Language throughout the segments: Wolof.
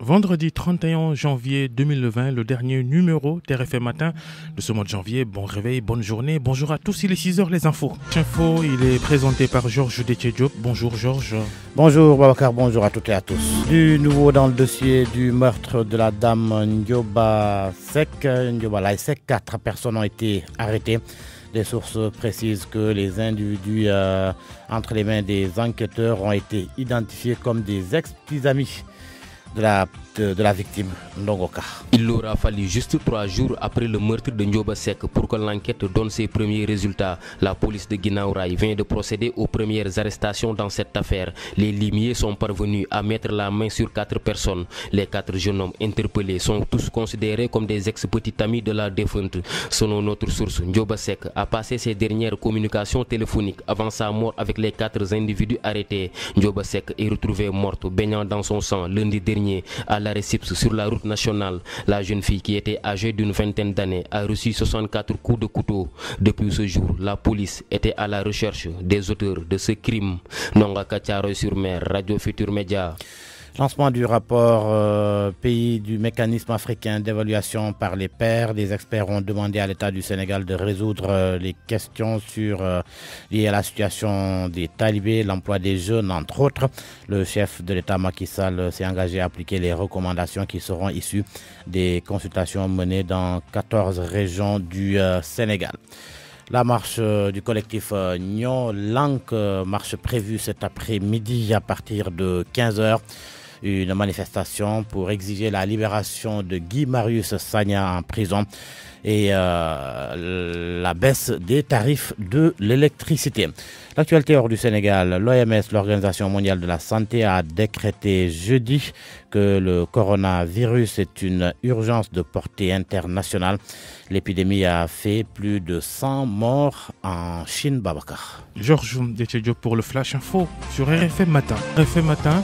Vendredi 31 janvier 2020, le dernier numéro TRFM Matin de ce mois de janvier. Bon réveil, bonne journée. Bonjour à tous, il est 6h les infos. Info, il est présenté par Georges Détier Bonjour Georges. Bonjour Babacar, bonjour à toutes et à tous. Du nouveau dans le dossier du meurtre de la dame Ndioba Sek, 4 quatre personnes ont été arrêtées. Les sources précisent que les individus euh, entre les mains des enquêteurs ont été identifiés comme des ex-petits amis de la, de, la victime, Ndongoka. Il aura fallu juste trois jours après le meurtre de Ndjoba Sek pour que l'enquête donne ses premiers résultats. La police de Guinaouraï vient de procéder aux premières arrestations dans cette affaire. Les limiers sont parvenus à mettre la main sur quatre personnes. Les quatre jeunes hommes interpellés sont tous considérés comme des ex-petits amis de la défunte. Selon notre source, Ndjoba Sek a passé ses dernières communications téléphoniques avant sa mort avec les quatre individus arrêtés. Ndjoba Sek est retrouvé morte, baignant dans son sang lundi dernier à la réception sur la route nationale. La jeune fille qui était âgée d'une vingtaine d'années a reçu 64 coups de couteau. Depuis ce jour, la police était à la recherche des auteurs de ce crime. Nonga sur mer, Radio Futur Média. Lancement du rapport euh, pays du mécanisme africain d'évaluation par les pairs. Des experts ont demandé à l'État du Sénégal de résoudre euh, les questions sur, euh, liées à la situation des talibés, l'emploi des jeunes, entre autres. Le chef de l'État Macky Sall s'est engagé à appliquer les recommandations qui seront issues des consultations menées dans 14 régions du Sénégal. La marche du collectif Nyon Lank, marche prévue cet après-midi à partir de 15h une manifestation pour exiger la libération de Guy Marius Sagna en prison et euh, la baisse des tarifs de l'électricité. L'actualité hors du Sénégal, l'OMS, l'Organisation mondiale de la santé, a décrété jeudi que le coronavirus est une urgence de portée internationale. L'épidémie a fait plus de 100 morts en Chine, Babacar. Georges pour le Flash Info sur Matin. RFM Matin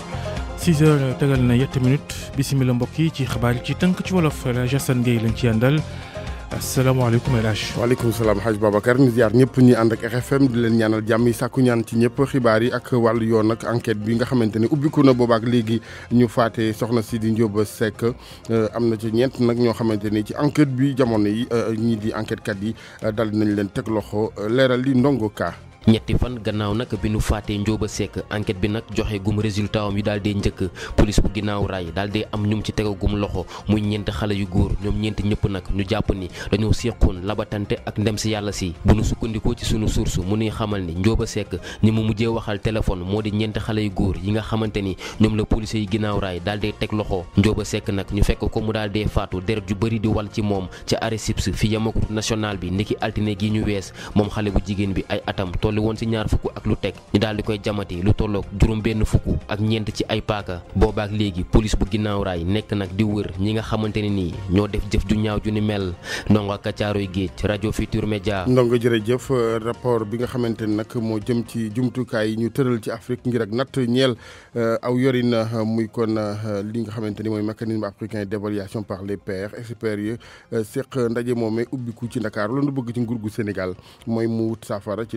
6 heures tegal na yett minutes bisimila mbokk yi ci xabaar yi ci tënk ci wolof El Hadj Assane Gueye lañ ci àndal asalaamaaleykum El Hadj. waaleykum salaam Hadj Babacar ñu ziar ñëpp ñi ànd ak RFM di leen ñaanal jàmm yi sàkku ñaan ci ñëpp xibaar yi ak wàllu yoon ak enquête bi nga xamante ne ubbiku na boobaak léegi ñu faate soxna si di Ndioba Seck am na ci ñeent nag ñoo xamante ni ci enquête bi jamono yi ñii di enquête kat yi dal nañ leen teg loxo leeral li ndongo kaa. ñetti fan gannaaw nag bi nu faatee Njóoba Sekk enquête bi nag joxe gum résultat am yu daal dee njëkk police bu ginnaaw raay daal dee am ñum ci tegagum loxo muy ñeent xale yu góor ñoom ñeent ñëpp nag ñu jàpp ni dañoo séqoon labatante ak ndem si yàlla si bu nu sukkandikoo ci sunu source mu nuy xamal ni Njóoba Sekk ñi mu mujjee waxal téléphone moo di ñeent xale yu góor yi nga xamante ni ñoom la police yi ginnaaw raay daal dee teg loxo Njóoba Sekk nag ñu fekk ko mu daal dee faatu deret ju bëri di wal moom ci arrêt SIPS fi yamaku national bi niki altine gi ñu wees moom xale bu jigéen bi ay atam tollu won ci ñaar fukk ak lu tek ñu daal di koy jamati lu tollok juroom benn fukk ak ñent ci ay paaka booba ak léegi police bu ginnaaw raay nekk nag di wër ñi nga xamanteni ni ñoo def jëf ju ñaaw ju ni mel ndongo radio futur media ndongo jërëjëf rapport bi nga xamanteni nak moo jëm ci jumtukaay ñu tëral ci afrique ngir ak natt ñeel euh, aw yorin euh, muy kon euh, li nga xamanteni mooy mécanisme africain d'évaluation par les pairs experts yi seq ndaje moomee ubbiku ci ndakaar loolu bëgg ci nguur sénégal mu wut ci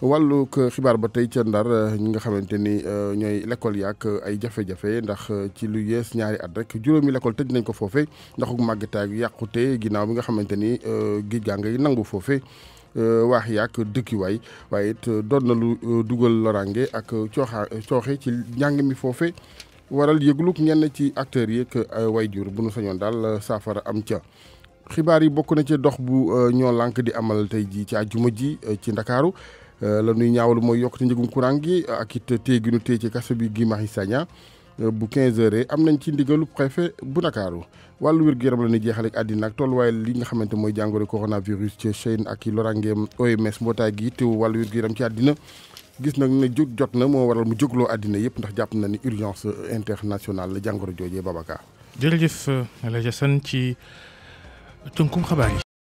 wàllug xibaar ba tey ca ndar ñi nga xamante ni euh, ñooy l'école yaak ay jafe-jafe ndax euh, ci lu yees ñaari at rek juróomi l'école tëj nañ ko foofe ndax màggete màggataay yàqute ginnaaw bi nga xamante ni euh, géej gaa ngay nangu foofe waax yaak dëkkiwaay waaye it doon na lu dugal loraange ak cooxa cooxe ci njàng mi foofe waral yëglug ñenn ci acteurs yi ak way jur bu nu sañoon daal saafara am ca xibaar yi bokk na ci dox bu ñoo lànk di amal tey ji ci àjjuma ji ci ndakaaru Euh, la ñuy ñaawlu mooy yokkute njëgum courant gi ak it téye gi nu téye ci kaso bi Guy Marius euh, bu 15 heures am nañ ci ndigalu préfet bu Ndakaaru wàllu wér-gu-yaram la ñuy jeexale ak àddina ak tolluwaay li nga xamante mooy jàngoro coronavirus ci Chine ak i lorangeem OMS mbootaay gi te wàllu wér-gu-yaram ci addina gis nag ne jóg jot na moo waral mu jógloo àddina yëpp ndax jàpp na ni urgence internationale la jàngoro joojee Babacar. jërëjëf El Hadj Assane ci tënkum xabaar